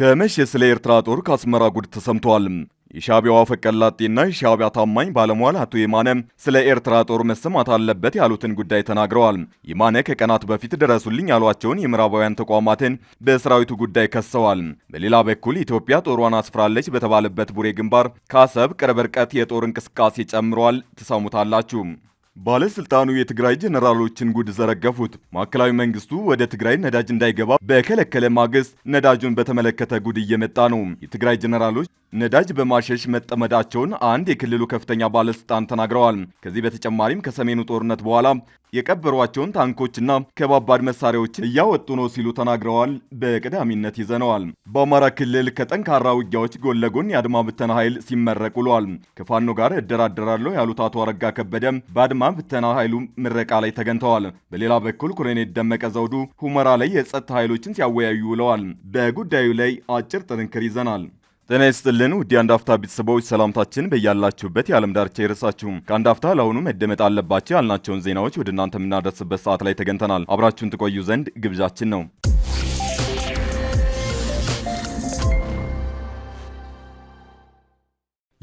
ከመሸ ስለ ኤርትራ ጦር ከአስመራ ጉድ ተሰምተዋል። የሻቢያው አፈቀላጤና የሻቢያ ታማኝ ባለሟል አቶ የማነ ስለ ኤርትራ ጦር መሰማት አለበት ያሉትን ጉዳይ ተናግረዋል። የማነ ከቀናት በፊት ደረሱልኝ ያሏቸውን የምዕራባውያን ተቋማትን በሰራዊቱ ጉዳይ ከሰዋል። በሌላ በኩል ኢትዮጵያ ጦሯን አስፍራለች በተባለበት ቡሬ ግንባር ከአሰብ ቅርብ ርቀት የጦር እንቅስቃሴ ጨምሯል። ትሰሙታላችሁ። ባለስልጣኑ የትግራይ ጀነራሎችን ጉድ ዘረገፉት። ማዕከላዊ መንግስቱ ወደ ትግራይ ነዳጅ እንዳይገባ በከለከለ ማግስት ነዳጁን በተመለከተ ጉድ እየመጣ ነው። የትግራይ ጀነራሎች ነዳጅ በማሸሽ መጠመዳቸውን አንድ የክልሉ ከፍተኛ ባለስልጣን ተናግረዋል። ከዚህ በተጨማሪም ከሰሜኑ ጦርነት በኋላ የቀበሯቸውን ታንኮችና ከባባድ መሳሪያዎችን እያወጡ ነው ሲሉ ተናግረዋል። በቀዳሚነት ይዘነዋል። በአማራ ክልል ከጠንካራ ውጊያዎች ጎን ለጎን የአድማ ብተና ኃይል ሲመረቅ ውሏል። ከፋኖ ጋር እደራደራለሁ ያሉት አቶ አረጋ ከበደ በአድማ ብተና ኃይሉ ምረቃ ላይ ተገኝተዋል። በሌላ በኩል ኮሎኔል ደመቀ ዘውዱ ሁመራ ላይ የጸጥታ ኃይሎችን ሲያወያዩ ውለዋል። በጉዳዩ ላይ አጭር ጥንክር ይዘናል። ጤና ይስጥልን ውድ የአንድ አፍታ ቤተሰቦች ሰላምታችን በያላችሁበት የዓለም ዳርቻ ይድረሳችሁ። ከአንድ አፍታ ለአሁኑ መደመጥ አለባቸው ያልናቸውን ዜናዎች ወደ እናንተ የምናደርስበት ሰዓት ላይ ተገኝተናል። አብራችሁን ትቆዩ ዘንድ ግብዣችን ነው።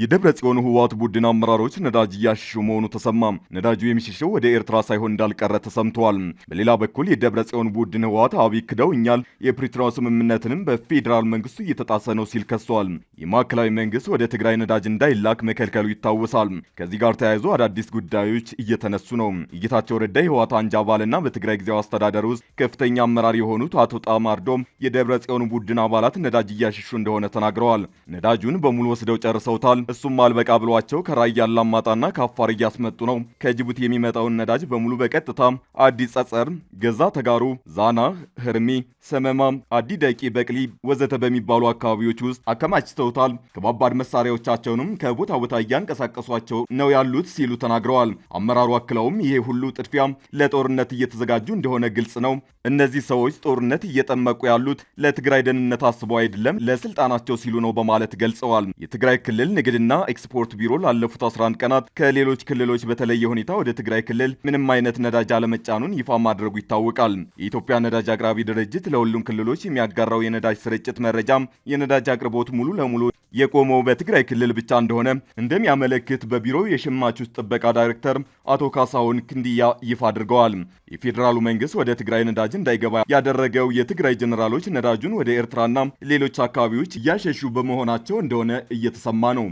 የደብረ ጽዮን ህወሓት ቡድን አመራሮች ነዳጅ እያሸሹ መሆኑ ተሰማ። ነዳጁ የሚሸሸው ወደ ኤርትራ ሳይሆን እንዳልቀረ ተሰምተዋል። በሌላ በኩል የደብረ ጽዮን ቡድን ህወሓት አብይ ክደውኛል፣ የፕሪቶሪያው ስምምነትንም በፌዴራል መንግስቱ እየተጣሰ ነው ሲል ከሷል። የማዕከላዊ መንግስት ወደ ትግራይ ነዳጅ እንዳይላክ መከልከሉ ይታወሳል። ከዚህ ጋር ተያይዞ አዳዲስ ጉዳዮች እየተነሱ ነው። የጌታቸው ረዳ የህወሓት አንጃ አባልና በትግራይ ጊዜያዊ አስተዳደር ውስጥ ከፍተኛ አመራር የሆኑት አቶ ጣማርዶም የደብረ ጽዮን ቡድን አባላት ነዳጅ እያሸሹ እንደሆነ ተናግረዋል። ነዳጁን በሙሉ ወስደው ጨርሰውታል እሱም አልበቃ ብሏቸው ከራያ አላማጣና ከአፋር እያስመጡ ነው። ከጅቡቲ የሚመጣውን ነዳጅ በሙሉ በቀጥታ አዲስ ጸጸር፣ ገዛ ተጋሩ፣ ዛና፣ ህርሚ፣ ሰመማ፣ አዲ ደቂ፣ በቅሊ ወዘተ በሚባሉ አካባቢዎች ውስጥ አከማችተውታል። ከባባድ መሳሪያዎቻቸውንም ከቦታ ቦታ እያንቀሳቀሷቸው ነው ያሉት ሲሉ ተናግረዋል። አመራሩ አክለውም ይሄ ሁሉ ጥድፊያ ለጦርነት እየተዘጋጁ እንደሆነ ግልጽ ነው። እነዚህ ሰዎች ጦርነት እየጠመቁ ያሉት ለትግራይ ደህንነት አስበው አይደለም፣ ለስልጣናቸው ሲሉ ነው በማለት ገልጸዋል። የትግራይ ክልል ንግድ ንግድና ኤክስፖርት ቢሮ ላለፉት 11 ቀናት ከሌሎች ክልሎች በተለየ ሁኔታ ወደ ትግራይ ክልል ምንም አይነት ነዳጅ አለመጫኑን ይፋ ማድረጉ ይታወቃል። የኢትዮጵያ ነዳጅ አቅራቢ ድርጅት ለሁሉም ክልሎች የሚያጋራው የነዳጅ ስርጭት መረጃም የነዳጅ አቅርቦት ሙሉ ለሙሉ የቆመው በትግራይ ክልል ብቻ እንደሆነ እንደሚያመለክት በቢሮው የሸማቾች ጥበቃ ዳይሬክተር አቶ ካሳሁን ክንዲያ ይፋ አድርገዋል። የፌዴራሉ መንግስት ወደ ትግራይ ነዳጅ እንዳይገባ ያደረገው የትግራይ ጀኔራሎች ነዳጁን ወደ ኤርትራና ሌሎች አካባቢዎች እያሸሹ በመሆናቸው እንደሆነ እየተሰማ ነው።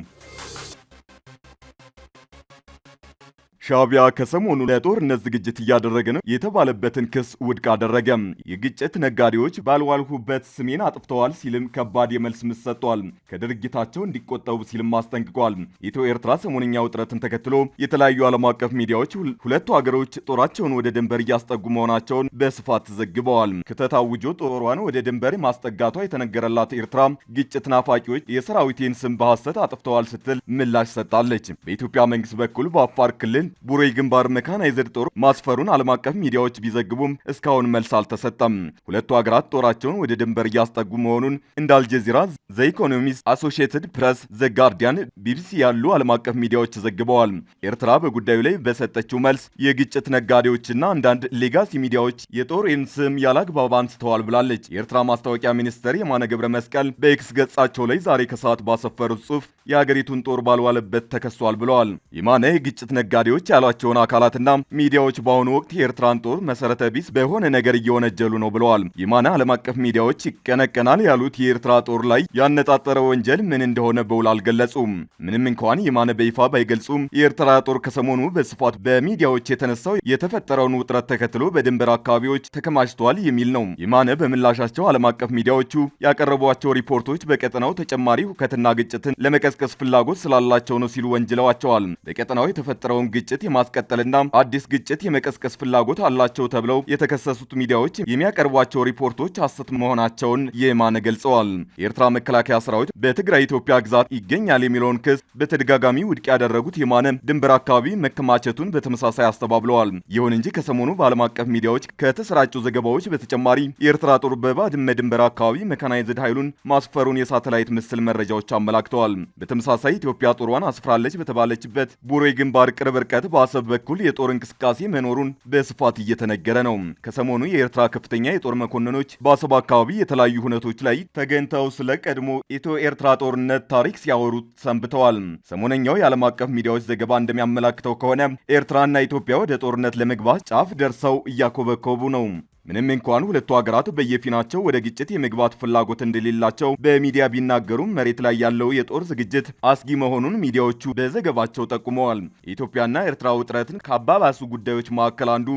ሻቢያ ከሰሞኑ ለጦርነት ዝግጅት እያደረገ ነው የተባለበትን ክስ ውድቅ አደረገ። የግጭት ነጋዴዎች ባልዋልሁበት ስሜን አጥፍተዋል ሲልም ከባድ የመልስ ምት ሰጥቷል። ከድርጊታቸው እንዲቆጠቡ ሲልም አስጠንቅቋል። ኢትዮ ኤርትራ ሰሞነኛ ውጥረትን ተከትሎ የተለያዩ ዓለም አቀፍ ሚዲያዎች ሁለቱ ሀገሮች ጦራቸውን ወደ ድንበር እያስጠጉ መሆናቸውን በስፋት ዘግበዋል። ከተታውጆ ጦሯን ወደ ድንበር ማስጠጋቷ የተነገረላት ኤርትራ ግጭት ናፋቂዎች የሰራዊቴን ስም በሐሰት አጥፍተዋል ስትል ምላሽ ሰጣለች። በኢትዮጵያ መንግስት በኩል በአፋር ክልል ቡሬ ግንባር መካናይዝድ ጦር ማስፈሩን ዓለም አቀፍ ሚዲያዎች ቢዘግቡም እስካሁን መልስ አልተሰጠም። ሁለቱ ሀገራት ጦራቸውን ወደ ድንበር እያስጠጉ መሆኑን እንደ አልጀዚራ፣ ዘ ኢኮኖሚስት፣ አሶሺየትድ ፕሬስ፣ ዘ ጋርዲያን፣ ቢቢሲ ያሉ ዓለም አቀፍ ሚዲያዎች ዘግበዋል። ኤርትራ በጉዳዩ ላይ በሰጠችው መልስ የግጭት ነጋዴዎችና አንዳንድ ሌጋሲ ሚዲያዎች የጦሬን ስም ያላግባብ አንስተዋል ብላለች። የኤርትራ ማስታወቂያ ሚኒስትር የማነ ገብረ መስቀል በኤክስ ገጻቸው ላይ ዛሬ ከሰዓት ባሰፈሩት ጽሑፍ የሀገሪቱን ጦር ባልዋለበት ተከሷል ብለዋል። የማነ የግጭት ነጋዴዎች ሽብርተኞች ያሏቸውን አካላትና ሚዲያዎች በአሁኑ ወቅት የኤርትራን ጦር መሰረተ ቢስ በሆነ ነገር እየወነጀሉ ነው ብለዋል። የማነ ዓለም አቀፍ ሚዲያዎች ይቀነቀናል ያሉት የኤርትራ ጦር ላይ ያነጣጠረ ወንጀል ምን እንደሆነ በውል አልገለጹም። ምንም እንኳን የማነ በይፋ ባይገልጹም የኤርትራ ጦር ከሰሞኑ በስፋት በሚዲያዎች የተነሳው የተፈጠረውን ውጥረት ተከትሎ በድንበር አካባቢዎች ተከማችተዋል የሚል ነው። የማነ በምላሻቸው ዓለም አቀፍ ሚዲያዎቹ ያቀረቧቸው ሪፖርቶች በቀጠናው ተጨማሪ ሁከትና ግጭትን ለመቀስቀስ ፍላጎት ስላላቸው ነው ሲሉ ወንጅለዋቸዋል። በቀጠናው የተፈጠረውን ግጭት ግጭት የማስቀጠልና አዲስ ግጭት የመቀስቀስ ፍላጎት አላቸው ተብለው የተከሰሱት ሚዲያዎች የሚያቀርቧቸው ሪፖርቶች ሐሰት መሆናቸውን የማነ ገልጸዋል። የኤርትራ መከላከያ ሰራዊት በትግራይ ኢትዮጵያ ግዛት ይገኛል የሚለውን ክስ በተደጋጋሚ ውድቅ ያደረጉት የማነ ድንበር አካባቢ መከማቸቱን በተመሳሳይ አስተባብለዋል። ይሁን እንጂ ከሰሞኑ በዓለም አቀፍ ሚዲያዎች ከተሰራጩ ዘገባዎች በተጨማሪ የኤርትራ ጦር በባድመ ድንበር አካባቢ መካናይዝድ ኃይሉን ማስፈሩን የሳተላይት ምስል መረጃዎች አመላክተዋል። በተመሳሳይ ኢትዮጵያ ጦሯን አስፍራለች በተባለችበት ቡሬ ግንባር ቅርብ ርቀት ምክንያት በአሰብ በኩል የጦር እንቅስቃሴ መኖሩን በስፋት እየተነገረ ነው። ከሰሞኑ የኤርትራ ከፍተኛ የጦር መኮንኖች በአሰብ አካባቢ የተለያዩ ሁነቶች ላይ ተገኝተው ስለ ቀድሞ ኢትዮ ኤርትራ ጦርነት ታሪክ ሲያወሩ ሰንብተዋል። ሰሞነኛው የዓለም አቀፍ ሚዲያዎች ዘገባ እንደሚያመላክተው ከሆነ ኤርትራና ኢትዮጵያ ወደ ጦርነት ለመግባት ጫፍ ደርሰው እያኮበኮቡ ነው። ምንም እንኳን ሁለቱ ሀገራት በየፊናቸው ወደ ግጭት የመግባት ፍላጎት እንደሌላቸው በሚዲያ ቢናገሩም መሬት ላይ ያለው የጦር ዝግጅት አስጊ መሆኑን ሚዲያዎቹ በዘገባቸው ጠቁመዋል። የኢትዮጵያና ኤርትራ ውጥረትን ካባባሱ ጉዳዮች መካከል አንዱ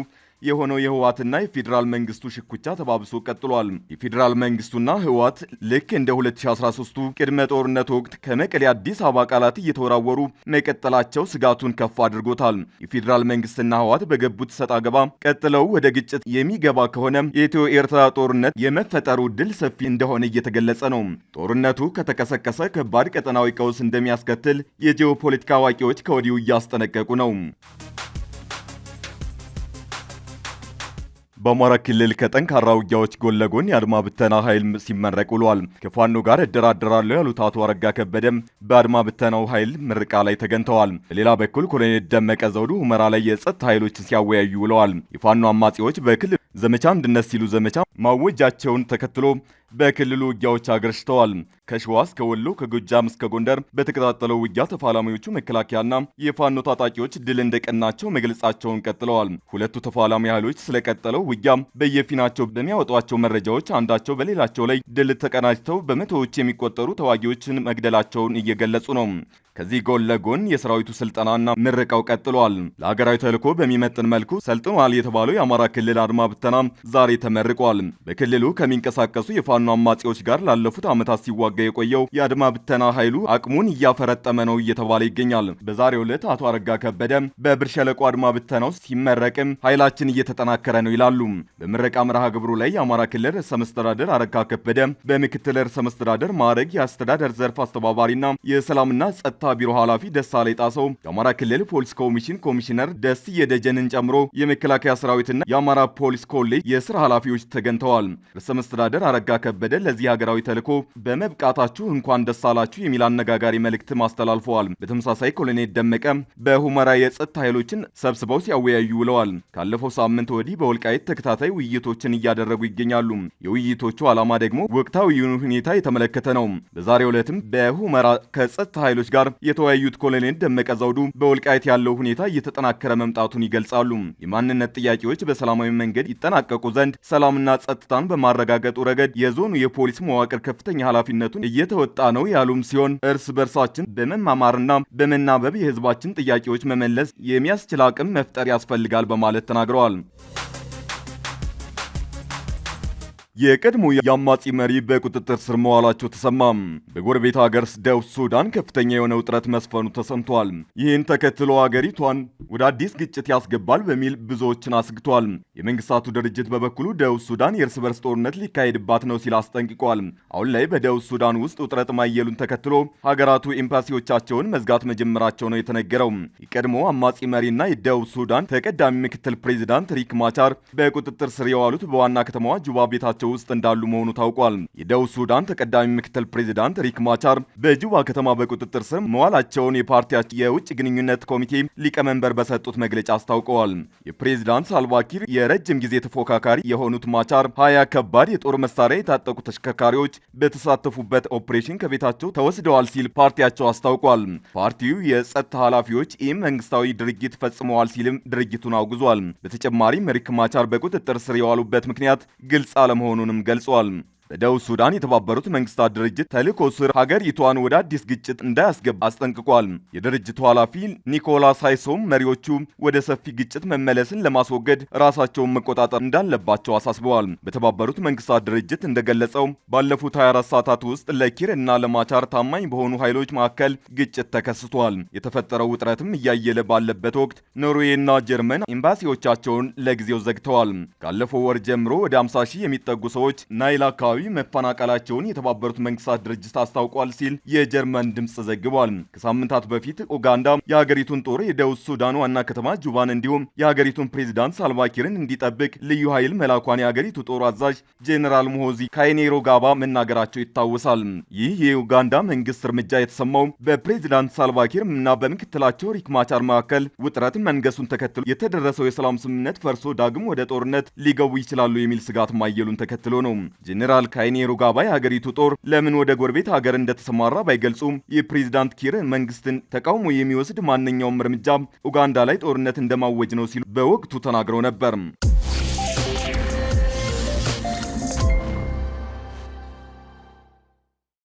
የሆነው የህወሓትና የፌዴራል መንግስቱ ሽኩቻ ተባብሶ ቀጥሏል። የፌዴራል መንግስቱና ህወሓት ልክ እንደ 2013ቱ ቅድመ ጦርነት ወቅት ከመቀሌ አዲስ አበባ ቃላት እየተወራወሩ መቀጠላቸው ስጋቱን ከፍ አድርጎታል። የፌዴራል መንግስትና ህወሓት በገቡት ሰጥ አገባ ቀጥለው ወደ ግጭት የሚገባ ከሆነ የኢትዮ ኤርትራ ጦርነት የመፈጠሩ ድል ሰፊ እንደሆነ እየተገለጸ ነው። ጦርነቱ ከተቀሰቀሰ ከባድ ቀጠናዊ ቀውስ እንደሚያስከትል የጂኦፖለቲካ አዋቂዎች ከወዲሁ እያስጠነቀቁ ነው። በአማራ ክልል ከጠንካራ ውጊያዎች ጎን ለጎን የአድማ ብተና ኃይል ሲመረቅ ውሏል። ከፋኖ ጋር እደራደራለሁ ያሉት አቶ አረጋ ከበደም በአድማ ብተናው ኃይል ምርቃ ላይ ተገኝተዋል። በሌላ በኩል ኮሎኔል ደመቀ ዘውዱ ሁመራ ላይ የጸጥታ ኃይሎችን ሲያወያዩ ውለዋል። የፋኖ አማጺዎች በክልል ዘመቻ አንድነት ሲሉ ዘመቻ ማወጃቸውን ተከትሎ በክልሉ ውጊያዎች አገርሽተዋል። ከሸዋ እስከ ወሎ፣ ከጎጃም እስከ ጎንደር በተቀጣጠለው ውጊያ ተፋላሚዎቹ መከላከያና የፋኖ ታጣቂዎች ድል እንደቀናቸው መግለጻቸውን ቀጥለዋል። ሁለቱ ተፋላሚ ኃይሎች ስለቀጠለው ውጊያ በየፊናቸው በሚያወጧቸው መረጃዎች አንዳቸው በሌላቸው ላይ ድል ተቀናጅተው በመቶዎች የሚቆጠሩ ተዋጊዎችን መግደላቸውን እየገለጹ ነው። ከዚህ ጎን ለጎን የሰራዊቱ ስልጠናና ምረቃው ቀጥሏል። ለሀገራዊ ተልዕኮ በሚመጥን መልኩ ሰልጥኗል የተባለው የአማራ ክልል አድማ ብተና ዛሬ ተመርቋል። በክልሉ ከሚንቀሳቀሱ የፋኖ አማጺዎች ጋር ላለፉት ዓመታት ሲዋጋ የቆየው የአድማ ብተና ኃይሉ አቅሙን እያፈረጠመ ነው እየተባለ ይገኛል። በዛሬው ዕለት አቶ አረጋ ከበደ በብር ሸለቆ አድማ ብተናው ሲመረቅም ኃይላችን እየተጠናከረ ነው ይላሉ። በምረቃ መርሃ ግብሩ ላይ የአማራ ክልል ርዕሰ መስተዳደር አረጋ ከበደ በምክትል ርዕሰ መስተዳደር ማዕረግ የአስተዳደር ዘርፍ አስተባባሪና የሰላምና ጸጥታ የጸጥታ ቢሮ ኃላፊ ደሳሌ ጣሰው የአማራ ክልል ፖሊስ ኮሚሽን ኮሚሽነር ደስ የደጀንን ጨምሮ የመከላከያ ሰራዊትና የአማራ ፖሊስ ኮሌጅ የስራ ኃላፊዎች ተገኝተዋል። ርዕሰ መስተዳደር አረጋ ከበደ ለዚህ ሀገራዊ ተልዕኮ በመብቃታችሁ እንኳን ደስ አላችሁ የሚል አነጋጋሪ መልእክትም አስተላልፈዋል። በተመሳሳይ ኮሎኔል ደመቀ በሁመራ የጸጥታ ኃይሎችን ሰብስበው ሲያወያዩ ውለዋል። ካለፈው ሳምንት ወዲህ በወልቃይት ተከታታይ ውይይቶችን እያደረጉ ይገኛሉ። የውይይቶቹ ዓላማ ደግሞ ወቅታዊ ሁኔታ የተመለከተ ነው። በዛሬው ዕለትም በሁመራ ከጸጥታ ኃይሎች ጋር የተወያዩት ኮሎኔል ደመቀ ዘውዱ በወልቃይት ያለው ሁኔታ እየተጠናከረ መምጣቱን ይገልጻሉ። የማንነት ጥያቄዎች በሰላማዊ መንገድ ይጠናቀቁ ዘንድ ሰላምና ጸጥታን በማረጋገጡ ረገድ የዞኑ የፖሊስ መዋቅር ከፍተኛ ኃላፊነቱን እየተወጣ ነው ያሉም ሲሆን እርስ በርሳችን በመማማርና በመናበብ የህዝባችን ጥያቄዎች መመለስ የሚያስችል አቅም መፍጠር ያስፈልጋል በማለት ተናግረዋል። የቀድሞ የአማጺ መሪ በቁጥጥር ስር መዋላቸው ተሰማ። በጎረቤት ሀገር ደቡብ ሱዳን ከፍተኛ የሆነ ውጥረት መስፈኑ ተሰምቷል። ይህን ተከትሎ አገሪቷን ወደ አዲስ ግጭት ያስገባል በሚል ብዙዎችን አስግቷል። የመንግስታቱ ድርጅት በበኩሉ ደቡብ ሱዳን የእርስ በርስ ጦርነት ሊካሄድባት ነው ሲል አስጠንቅቋል። አሁን ላይ በደቡብ ሱዳን ውስጥ ውጥረት ማየሉን ተከትሎ ሀገራቱ ኤምባሲዎቻቸውን መዝጋት መጀመራቸው ነው የተነገረው። የቀድሞ አማጺ መሪና የደቡብ ሱዳን ተቀዳሚ ምክትል ፕሬዚዳንት ሪክ ማቻር በቁጥጥር ስር የዋሉት በዋና ከተማዋ ጁባ ቤታቸው ቤታቸው ውስጥ እንዳሉ መሆኑ ታውቋል። የደቡብ ሱዳን ተቀዳሚ ምክትል ፕሬዚዳንት ሪክ ማቻር በጁባ ከተማ በቁጥጥር ስር መዋላቸውን የፓርቲያቸው የውጭ ግንኙነት ኮሚቴ ሊቀመንበር በሰጡት መግለጫ አስታውቀዋል። የፕሬዚዳንት ሳልቫኪር የረጅም ጊዜ ተፎካካሪ የሆኑት ማቻር ሀያ ከባድ የጦር መሳሪያ የታጠቁ ተሽከርካሪዎች በተሳተፉበት ኦፕሬሽን ከቤታቸው ተወስደዋል ሲል ፓርቲያቸው አስታውቋል። ፓርቲው የጸጥታ ኃላፊዎች ይህም መንግስታዊ ድርጊት ፈጽመዋል ሲልም ድርጊቱን አውግዟል። በተጨማሪም ሪክ ማቻር በቁጥጥር ስር የዋሉበት ምክንያት ግልጽ አለመሆኑ መሆኑንም ገልጿል። በደቡብ ሱዳን የተባበሩት መንግስታት ድርጅት ተልኮ ስር ሀገሪቷን ወደ አዲስ ግጭት እንዳያስገባ አስጠንቅቋል። የድርጅቱ ኃላፊ ኒኮላስ ሃይሶም መሪዎቹ ወደ ሰፊ ግጭት መመለስን ለማስወገድ ራሳቸውን መቆጣጠር እንዳለባቸው አሳስበዋል። በተባበሩት መንግስታት ድርጅት እንደገለጸው ባለፉት 24 ሰዓታት ውስጥ ለኪር እና ለማቻር ታማኝ በሆኑ ኃይሎች መካከል ግጭት ተከስቷል። የተፈጠረው ውጥረትም እያየለ ባለበት ወቅት ኖርዌይ እና ጀርመን ኤምባሲዎቻቸውን ለጊዜው ዘግተዋል። ካለፈው ወር ጀምሮ ወደ 50 ሺህ የሚጠጉ ሰዎች ናይል አካባቢ መፈናቀላቸውን የተባበሩት መንግስታት ድርጅት አስታውቋል ሲል የጀርመን ድምፅ ዘግቧል። ከሳምንታት በፊት ኡጋንዳ የሀገሪቱን ጦር የደቡብ ሱዳን ዋና ከተማ ጁባን እንዲሁም የሀገሪቱን ፕሬዚዳንት ሳልቫኪርን እንዲጠብቅ ልዩ ኃይል መላኳን የሀገሪቱ ጦር አዛዥ ጄኔራል ሞሆዚ ካይኔሮ ጋባ መናገራቸው ይታወሳል። ይህ የኡጋንዳ መንግስት እርምጃ የተሰማው በፕሬዚዳንት ሳልቫኪር እና በምክትላቸው ሪክ ማቻር መካከል ውጥረት መንገሱን ተከትሎ የተደረሰው የሰላም ስምምነት ፈርሶ ዳግም ወደ ጦርነት ሊገቡ ይችላሉ የሚል ስጋት ማየሉን ተከትሎ ነው። ጄኔራል ካይኔ የሩጋባ የሀገሪቱ ጦር ለምን ወደ ጎረቤት ሀገር እንደተሰማራ ባይገልጹም የፕሬዚዳንት ኪር መንግስትን ተቃውሞ የሚወስድ ማንኛውም እርምጃ ኡጋንዳ ላይ ጦርነት እንደማወጅ ነው ሲሉ በወቅቱ ተናግረው ነበር።